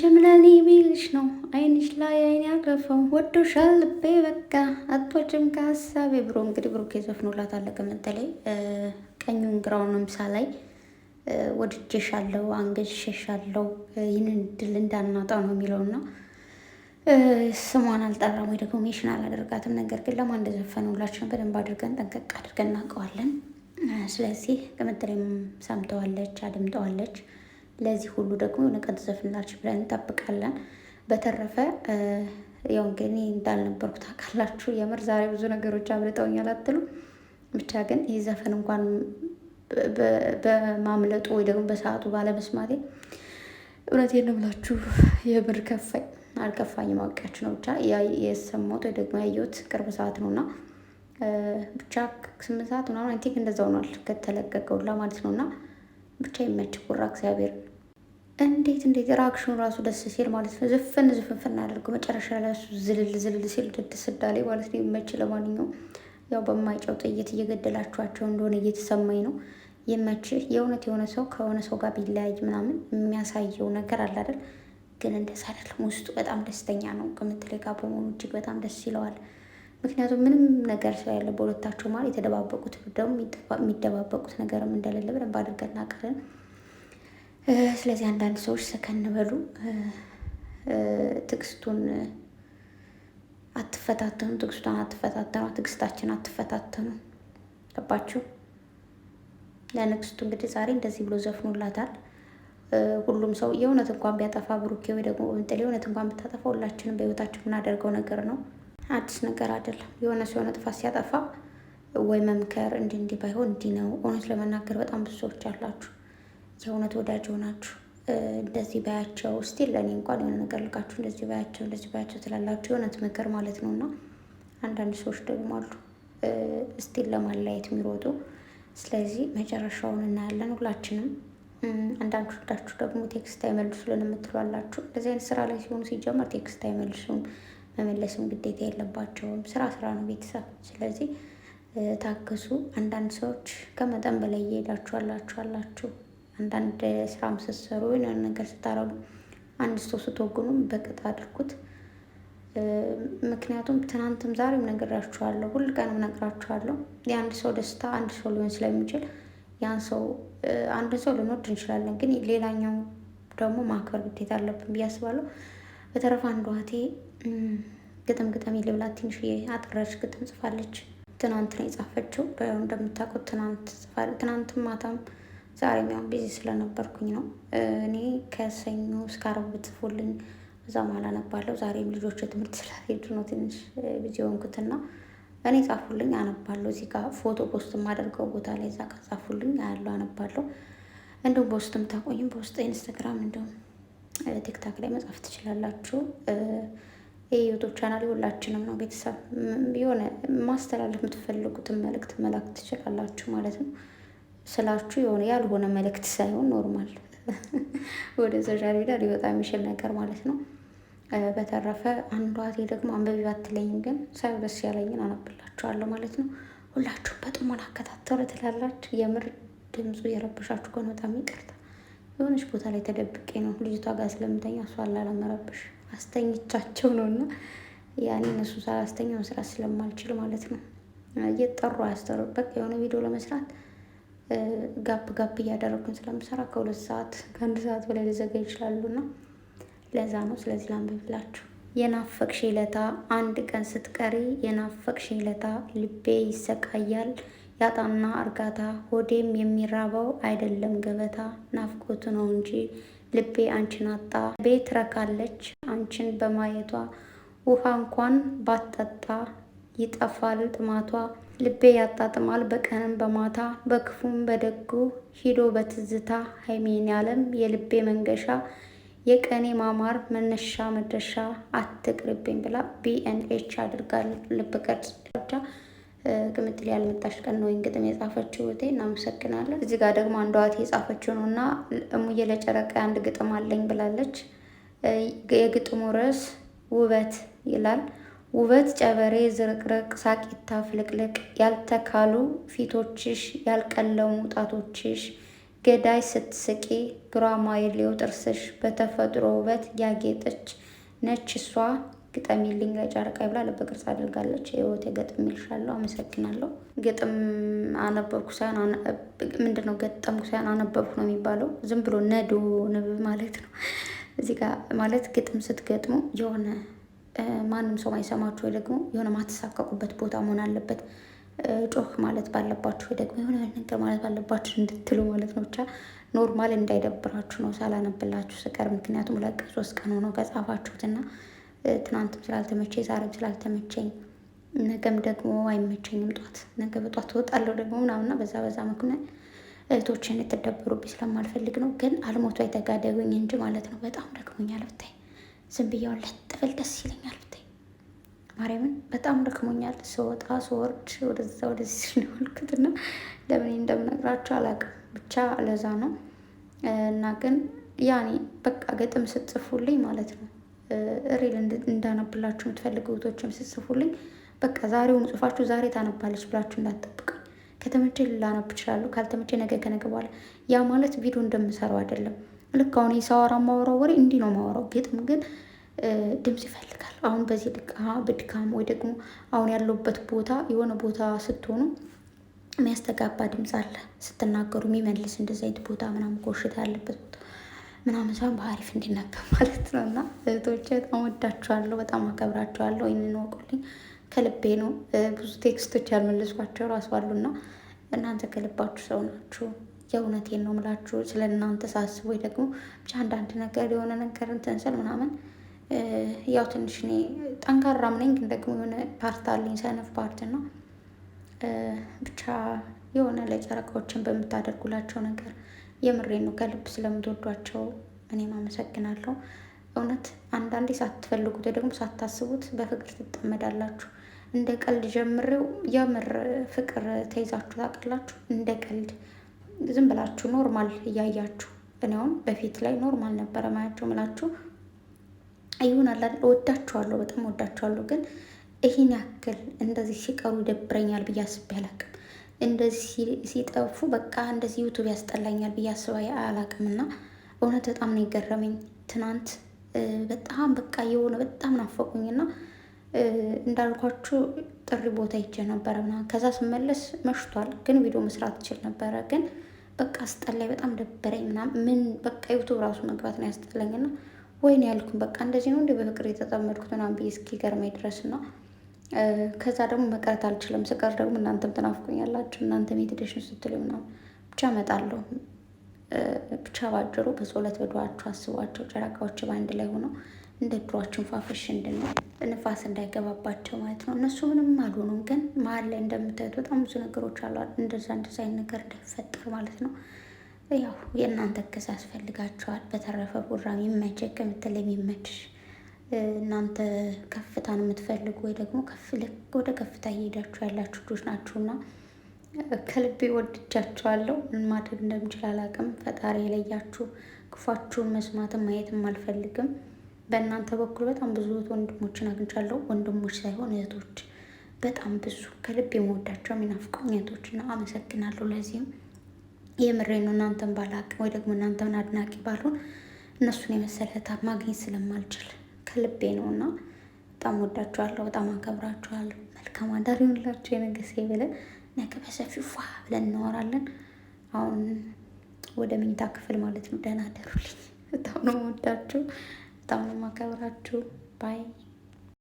አንቺም ለኔ ቢልሽ ነው አይንሽ ላይ አይን ያረፈው ወዶሻል ልቤ በቃ አቶችም ከሀሳቤ ብሮ እንግዲህ ብሩኬ ዘፍኖላት አለቀ መጠለይ ቀኙን ግራውን ምሳ ላይ ወድጄሻለሁ፣ አንገሽሻለሁ ይህንን ድል እንዳናጣው ነው የሚለው የሚለውና ስሟን አልጠራም ወይ ደግሞ ሜሽን አላደርጋትም። ነገር ግን ለማን እንደዘፈነ በደንብ አድርገን ጠንቀቅ አድርገን እናውቀዋለን። ስለዚህ ቅምጥሌም ሰምተዋለች፣ አድምጠዋለች። ለዚህ ሁሉ ደግሞ የሆነ ቀን ብለን እንጠብቃለን። በተረፈ ያው ግን እንዳልነበርኩ ታውቃላችሁ። የምር ዛሬ ብዙ ነገሮች አብልጠውኛል አትሉ። ብቻ ግን ይህ ዘፈን እንኳን በማምለጡ ወይ ደግሞ በሰዓቱ ባለመስማቴ እውነቴን ነው ብላችሁ የምር ከፋኝ አልከፋኝ ማወቂያችሁ ነው። ብቻ የሰማሁት ወይ ደግሞ ያየሁት ቅርብ ሰዓት ነው እና ብቻ ስምንት ሰዓት ምናምን አይ ቲንክ እንደዛ ሆኗል ከተለቀቀውላ ማለት ነው እና ብቻ ይመች ቁራ እግዚአብሔር እንዴት እንዴት ራክሽኑ ራሱ ደስ ሲል ማለት ነው። ዝፍን ዝፍንፍን አድርገው መጨረሻ ላይ እሱ ዝልል ዝልል ሲል ድድ ስዳሌ ማለት ነው። ይመች። ለማንኛውም ያው በማይጨው ጥይት እየገደላችኋቸው እንደሆነ እየተሰማኝ ነው። ይመች። የእውነት የሆነ ሰው ከሆነ ሰው ጋር ቢለያይ ምናምን የሚያሳየው ነገር አለ አይደል? ግን እንደዛ አይደለም። ውስጡ በጣም ደስተኛ ነው። ከምትሌ ጋር በመሆኑ እጅግ በጣም ደስ ይለዋል። ምክንያቱም ምንም ነገር ያለ በሁለታቸው ማለት የተደባበቁት ደግሞ የሚደባበቁት ነገርም እንደሌለ በደንብ አድርገን እናውቃለን። ስለዚህ አንዳንድ ሰዎች ሰከን በሉ፣ ትዕግስቱን አትፈታተኑ፣ ትዕግስቷን አትፈታተኑ፣ ትዕግስታችን አትፈታተኑ። ገባችሁ? ለንግስቱ እንግዲህ ዛሬ እንደዚህ ብሎ ዘፍኖላታል። ሁሉም ሰው የእውነት እንኳን ቢያጠፋ ብሩኬ ወይ ደግሞ እንጥል የእውነት እንኳን ብታጠፋ ሁላችንም በህይወታችን የምናደርገው ነገር ነው። አዲስ ነገር አይደለም። የሆነ ሰው የሆነ ጥፋት ሲያጠፋ ወይ መምከር እንዲህ እንዲህ ባይሆን እንዲህ ነው። እውነት ለመናገር በጣም ብዙ ሰዎች አላችሁ የእውነት ወዳጅ ሆናችሁ እንደዚህ ባያቸው ስቲል ለእኔ እንኳን የሆነ ነገር ልካችሁ እንደዚህ ባያቸው እንደዚህ ባያቸው ትላላችሁ፣ የእውነት ምክር ማለት ነው። እና አንዳንድ ሰዎች ደግሞ አሉ ስቲል ለማለያየት የሚሮጡ። ስለዚህ መጨረሻውን እናያለን ሁላችንም። ወዳችሁ ደግሞ ቴክስት አይመልሱልን የምትሏላችሁ። እንደዚህ አይነት ስራ ላይ ሲሆኑ ሲጀመር ቴክስት አይመልሱም መመለስም ግዴታ የለባቸውም። ስራ ስራ ነው ቤተሰብ። ስለዚህ ታክሱ። አንዳንድ ሰዎች ከመጠን በላይ እየሄዳችሁ አላችሁ አላችሁ አንዳንድ ስራም ስትሰሩ ወይ ነገር ስታረጉ አንድ ሰው ስትወግኑም በቅጥ አድርጉት። ምክንያቱም ትናንትም ዛሬም ነግራችኋለሁ፣ ሁል ቀንም ነግራችኋለሁ። የአንድ ሰው ደስታ አንድ ሰው ሊሆን ስለሚችል ያን ሰው አንድን ሰው ልንወድ እንችላለን፣ ግን ሌላኛው ደግሞ ማክበር ግዴታ አለብን ብዬ አስባለሁ። በተረፈ አንዷ እህቴ ግጥም ግጥም ልብላት ትንሽ አጠራች ግጥም ጽፋለች። ትናንት ነው የጻፈችው። እንደምታውቁት ትናንት ትናንትም ማታም ዛሬም ያው ቢዚ ስለነበርኩኝ ነው። እኔ ከሰኞ እስከ ዓርብ ብትጽፉልኝ እዛ ማላ አነባለሁ። ዛሬም ልጆች ትምህርት ስለሄዱ ነው ትንሽ ቢዚ ሆንኩትና እኔ ጻፉልኝ፣ አነባለሁ። እዚህ ጋር ፎቶ ፖስት የማደርገው ቦታ ላይ እዛ ጋር ጻፉልኝ፣ አያለሁ፣ አነባለሁ። እንደው በውስጥም ታቆኝም በውስጥ ኢንስታግራም እንዲሁም ቲክታክ ላይ መጻፍ ትችላላችሁ። ይህ ዩቱብ ቻናል ሁላችንም ነው ቤተሰብ የሆነ ማስተላለፍ የምትፈልጉትን መልእክት መላክ ትችላላችሁ ማለት ነው። ስላችሁ የሆነ ያልሆነ መልእክት ሳይሆን ኖርማል ወደ ሶሻል ሚዲያ ሊወጣ የሚችል ነገር ማለት ነው። በተረፈ አንዷ ቴ ደግሞ አንበቢ ባትለኝም ግን ሳይ ደስ ያለኝን አነብላችኋለሁ ማለት ነው። ሁላችሁም በጥሞና አከታተሉ ትላላችሁ። የምር ድምፁ የረብሻችሁ ከሆነ በጣም ይቅርታ። የሆነች ቦታ ላይ ተደብቄ ነው ልጅቷ ጋር ስለምተኛ እሷ ላለመረብሽ አስተኝቻቸው ነው እና ያኔ እነሱ ሳላስተኛ መስራት ስለማልችል ማለት ነው እየጠሩ አያስተሩበት የሆነ ቪዲዮ ለመስራት ጋፕ ጋፕ እያደረጉኝ ስለምሰራ ከሁለት ሰዓት ከአንድ ሰዓት በላይ ይችላሉ ይችላሉና ለዛ ነው። ስለዚህ ላንብብላችሁ። የናፈቅሽ ለታ አንድ ቀን ስትቀሪ የናፈቅሽ ለታ ልቤ ይሰቃያል ያጣና እርጋታ ሆዴም የሚራበው አይደለም ገበታ ናፍቆቱ ነው እንጂ ልቤ አንቺን አጣ ቤት ረካለች አንቺን በማየቷ ውሃ እንኳን ባትጠጣ ይጠፋል ጥማቷ ልቤ ያጣጥማል በቀንም በማታ በክፉም በደጉ ሂዶ በትዝታ ሀይሜን ያለም የልቤ መንገሻ የቀኔ ማማር መነሻ መድረሻ አትቅርብኝ ብላ ቢኤንኤች አድርጋል። ልብ ቅርጽ ዳ ቅምጥል ያልመጣሽ ቀን ነው ወይም ግጥም የጻፈችው እህቴ እናመሰግናለን። እዚህ ጋር ደግሞ አንዷ እህቴ የጻፈችው ነው እና እሙዬ ለጨረቃ አንድ ግጥም አለኝ ብላለች። የግጥሙ ርዕስ ውበት ይላል። ውበት ጨበሬ ዝርቅርቅ ሳቂታ ፍልቅልቅ ያልተካሉ ፊቶችሽ ያልቀለሙ ጣቶችሽ ገዳይ ስትስቂ ግራማይሌው ጥርስሽ በተፈጥሮ ውበት ያጌጠች ነች እሷ። ግጠሚልኝ ለጨረቃዬ ብላ ልብ ቅርጽ አድርጋለች። የህይወቴ ገጥም ይልሻለሁ። አመሰግናለሁ። ግጥም አነበብኩ ሳይሆን ምንድነው ገጠምኩ ሳይሆን አነበብኩ ነው የሚባለው። ዝም ብሎ ነዶ ንብ ማለት ነው። እዚህ ጋር ማለት ግጥም ስትገጥሙ የሆነ ማንም ሰው ማይሰማችሁ ወይ ደግሞ የሆነ ማትሳቀቁበት ቦታ መሆን አለበት። ጮህ ማለት ባለባችሁ ወይ ደግሞ የሆነ ነገር ማለት ባለባችሁ እንድትሉ ማለት ነው። ብቻ ኖርማል እንዳይደብራችሁ ነው ሳላነብላችሁ ስቀር። ምክንያቱም ለቅ ሶስት ቀን ሆኖ ከጻፋችሁትና ትናንትም ስላልተመቸኝ ዛሬም ስላልተመቸኝ ነገም ደግሞ አይመቸኝም፣ ጧት ነገ በጧት ትወጣለሁ ደግሞ ምናምና በዛ በዛ ምክንያት እህቶችን የተደበሩብኝ ስለማልፈልግ ነው። ግን አልሞቱ አይተጋደጉኝ እንጂ ማለት ነው። በጣም ደክሞኛል ብታይ ዝም ብያውን ለጥፈል ደስ ይለኛል ብታይ ማርያምን በጣም ደክሞኛል። ስወጣ ስወርድ ወደዛ ወደዚህ ስለሆንክትና ለምን እንደምነግራቸው አላውቅም። ብቻ ለዛ ነው እና ግን ያኔ በቃ ገጥም ስትጽፉልኝ ማለት ነው ሪል እንዳነብላችሁ የምትፈልጉ እህቶችም ስትጽፉልኝ በቃ ዛሬውን ጽፋችሁ ዛሬ ታነባለች ብላችሁ እንዳትጠብቁኝ። ከተመቼ ላነብ እችላለሁ፣ ካልተመቼ ነገ ከነገ በኋላ ያ ማለት ቪዲዮ እንደምሰራው አይደለም። ልክ አሁን የሳወራ ማወራው ወሬ እንዲህ ነው ማወራው። ግጥም ግን ድምፅ ይፈልጋል። አሁን በዚህ በድካም ወይ ደግሞ አሁን ያለውበት ቦታ የሆነ ቦታ ስትሆኑ የሚያስተጋባ ድምፅ አለ ስትናገሩ የሚመልስ እንደዚ አይነት ቦታ ምናምን ኮሽታ ያለበት ቦታ ምናምን ሳይሆን በአሪፍ እንዲነበብ ማለት ነው። እና እህቶቼ በጣም ወዳችኋለሁ፣ በጣም አከብራችኋለሁ። ይህንን ወቁልኝ ከልቤ ነው። ብዙ ቴክስቶች ያልመለስኳቸው ራሱ አሉና እናንተ ከልባችሁ ሰው ናችሁ። የእውነቴን ነው ምላችሁ ስለ እናንተ ወይ ደግሞ ብቻ አንዳንድ ነገር የሆነ ነገር እንትን ስል ምናምን ያው ትንሽ እኔ ጠንካራም ነኝ፣ ግን ደግሞ የሆነ ፓርት አለኝ ሰነፍ ፓርት ነው። ብቻ የሆነ ለጨረቃዎችን በምታደርጉላቸው ነገር የምሬን ነው ከልብ ስለምትወዷቸው እኔም አመሰግናለሁ። እውነት አንዳንዴ ሳትፈልጉት ወይ ደግሞ ሳታስቡት በፍቅር ትጠመዳላችሁ። እንደ ቀልድ ጀምሬው የምር ፍቅር ተይዛችሁ ታውቃላችሁ? እንደ ቀልድ ዝም ብላችሁ ኖርማል እያያችሁ እኔ በፊት ላይ ኖርማል ነበረ ማያቸው ምላችሁ ይሁን አላ ወዳችኋለሁ፣ በጣም ወዳችኋለሁ። ግን ይህን ያክል እንደዚህ ሲቀሩ ይደብረኛል ብዬ አስቤ አላቅም። እንደዚህ ሲጠፉ በቃ እንደዚህ ዩቱብ ያስጠላኛል ብዬ አስባ አላቅም። እና እውነት በጣም ነው የገረመኝ። ትናንት በጣም በቃ የሆነ በጣም ናፈቁኝ እና እንዳልኳችሁ ጥሪ ቦታ ይቼ ነበረ ምናምን። ከዛ ስመለስ መሽቷል፣ ግን ቪዲዮ መስራት ይችል ነበረ ግን በቃ አስጠላኝ፣ በጣም ደበረኝ ምናምን ምን በቃ ዩቱብ ራሱ መግባት ነው ያስጠላኝ። እና ወይን ያልኩም በቃ እንደዚህ ነው እንዲ በፍቅር የተጠመድኩት ምናምን ብዬ እስኪገርመኝ ድረስ ነው። ከዛ ደግሞ መቅረት አልችልም። ስቀር ደግሞ እናንተም ትናፍቁኛላችሁ፣ እናንተም የትደሽን ስትል ምናምን ብቻ እመጣለሁ። ብቻ ባጭሩ በጸሎት በዱዓችሁ አስቧቸው። ጨረቃዎች በአንድ ላይ ሆነው እንደ ድሯችን ፋፍሽ እንድንል ንፋስ እንዳይገባባቸው ማለት ነው። እነሱ ምንም አልሆኑም፣ ግን መሀል ላይ እንደምታዩት በጣም ብዙ ነገሮች አሉ። እንደዛ እንደዛ አይነት ነገር እንዳይፈጠር ማለት ነው። ያው የእናንተ ክስ ያስፈልጋቸዋል። በተረፈ ቡራ የሚመች ከምትል የሚመች እናንተ ከፍታን የምትፈልጉ ወይ ደግሞ ወደ ከፍታ እየሄዳችሁ ያላችሁ ልጆች ናችሁና ከልቤ ወድጃችኋለሁ። ምን ማድረግ እንደምችል አላውቅም። ፈጣሪ የለያችሁ። ክፏችሁን መስማትም ማየትም አልፈልግም። በእናንተ በኩል በጣም ብዙ ወንድሞችን አግኝቻለሁ። ወንድሞች ሳይሆን እህቶች በጣም ብዙ ከልብ የመወዳቸው የሚናፍቀኝ እህቶች እና አመሰግናለሁ። ለዚህም የምሬ ነው። እናንተን ባላቅ ወይ ደግሞ እናንተን አድናቂ ባልሆን እነሱን የመሰለ እህት ማግኘት ስለማልችል ከልቤ ነው እና በጣም ወዳችኋለሁ፣ በጣም አከብራችኋለሁ። መልካም አዳር ይሁንላችሁ። የነገሴ ብለን ነገ በሰፊው ፏ ብለን እናወራለን። አሁን ወደ መኝታ ክፍል ማለት ነው። ደህና ደሩልኝ። በጣም ነው ወዳችሁ። tahun memakai radu, pai